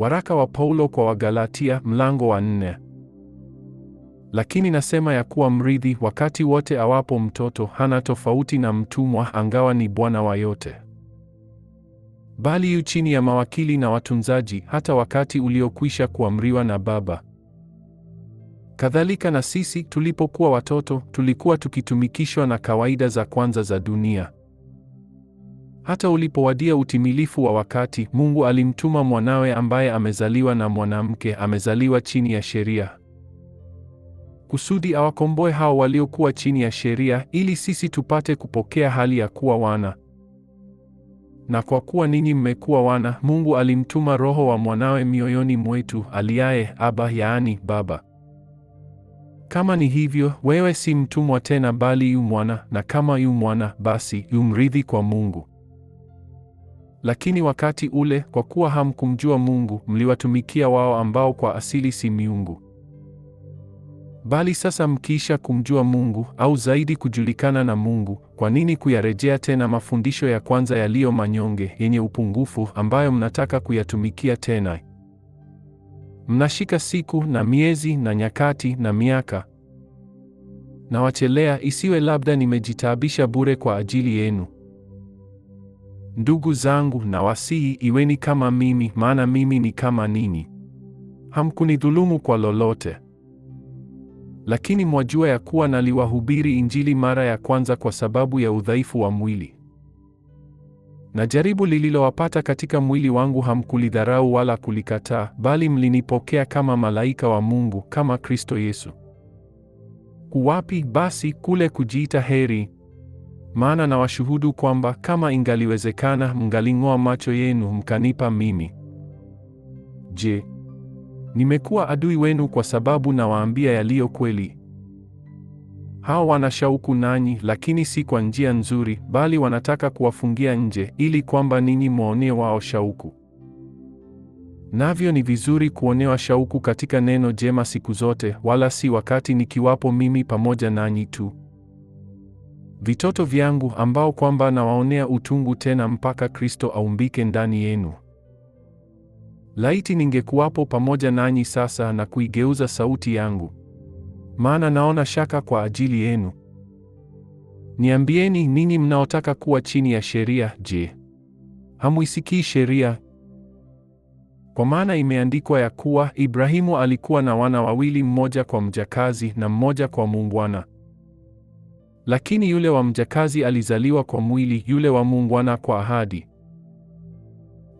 Waraka wa Paulo kwa Wagalatia mlango wa nne. Lakini nasema ya kuwa mrithi wakati wote awapo mtoto hana tofauti na mtumwa, angawa ni bwana wa yote, bali yu chini ya mawakili na watunzaji hata wakati uliokwisha kuamriwa na Baba. Kadhalika na sisi tulipokuwa watoto tulikuwa tukitumikishwa na kawaida za kwanza za dunia. Hata ulipowadia utimilifu wa wakati, Mungu alimtuma mwanawe ambaye amezaliwa na mwanamke, amezaliwa chini ya sheria, kusudi awakomboe hao waliokuwa chini ya sheria, ili sisi tupate kupokea hali ya kuwa wana. Na kwa kuwa ninyi mmekuwa wana, Mungu alimtuma Roho wa mwanawe mioyoni mwetu, aliaye Aba, yaani Baba. Kama ni hivyo, wewe si mtumwa tena, bali yu mwana, na kama yu mwana, basi yu mrithi kwa Mungu. Lakini wakati ule, kwa kuwa hamkumjua Mungu, mliwatumikia wao ambao kwa asili si miungu. Bali sasa mkiisha kumjua Mungu, au zaidi kujulikana na Mungu, kwa nini kuyarejea tena mafundisho ya kwanza yaliyo manyonge, yenye upungufu, ambayo mnataka kuyatumikia tena? Mnashika siku na miezi na nyakati na miaka. Nawachelea, isiwe labda nimejitaabisha bure kwa ajili yenu. Ndugu zangu, na wasii iweni kama mimi, maana mimi ni kama ninyi. Hamkunidhulumu kwa lolote, lakini mwajua ya kuwa naliwahubiri Injili mara ya kwanza kwa sababu ya udhaifu wa mwili, na jaribu lililowapata katika mwili wangu hamkulidharau wala kulikataa, bali mlinipokea kama malaika wa Mungu, kama Kristo Yesu. Kuwapi basi kule kujiita heri? Maana nawashuhudu kwamba kama ingaliwezekana, mngaling'oa macho yenu mkanipa mimi. Je, nimekuwa adui wenu kwa sababu nawaambia yaliyo kweli? Hao wana shauku nanyi, lakini si kwa njia nzuri, bali wanataka kuwafungia nje, ili kwamba ninyi mwaonee wao shauku. Navyo ni vizuri kuonewa shauku katika neno jema siku zote, wala si wakati nikiwapo mimi pamoja nanyi tu vitoto vyangu ambao kwamba nawaonea utungu tena mpaka Kristo aumbike ndani yenu. Laiti ningekuwapo pamoja nanyi sasa na kuigeuza sauti yangu, maana naona shaka kwa ajili yenu. Niambieni ninyi mnaotaka kuwa chini ya sheria, je, hamuisikii sheria? Kwa maana imeandikwa ya kuwa Ibrahimu alikuwa na wana wawili, mmoja kwa mjakazi na mmoja kwa muungwana. Lakini yule wa mjakazi alizaliwa kwa mwili, yule wa muungwana kwa ahadi.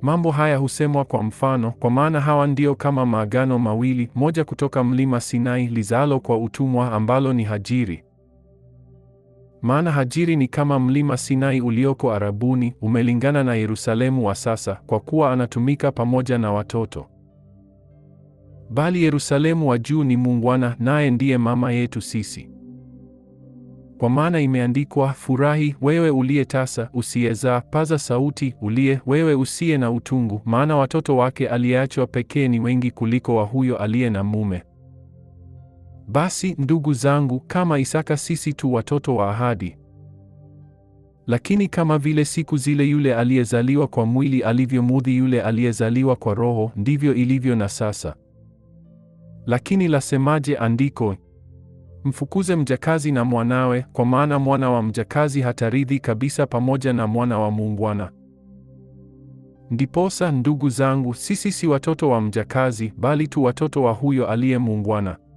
Mambo haya husemwa kwa mfano, kwa maana hawa ndio kama maagano mawili, moja kutoka mlima Sinai lizalo kwa utumwa, ambalo ni Hajiri. Maana Hajiri ni kama mlima Sinai ulioko Arabuni, umelingana na Yerusalemu wa sasa, kwa kuwa anatumika pamoja na watoto. Bali Yerusalemu wa juu ni muungwana, naye ndiye mama yetu sisi. Kwa maana imeandikwa, furahi wewe uliye tasa, usiyezaa; paza sauti, uliye wewe usiye na utungu, maana watoto wake aliyeachwa pekee ni wengi kuliko wa huyo aliye na mume. Basi ndugu zangu, kama Isaka sisi tu watoto wa ahadi. Lakini kama vile siku zile yule aliyezaliwa kwa mwili alivyomudhi yule aliyezaliwa kwa Roho, ndivyo ilivyo na sasa. Lakini lasemaje andiko? Mfukuze mjakazi na mwanawe, kwa maana mwana wa mjakazi hatarithi kabisa pamoja na mwana wa muungwana. Ndiposa ndugu zangu, sisi si watoto wa mjakazi, bali tu watoto wa huyo aliye muungwana.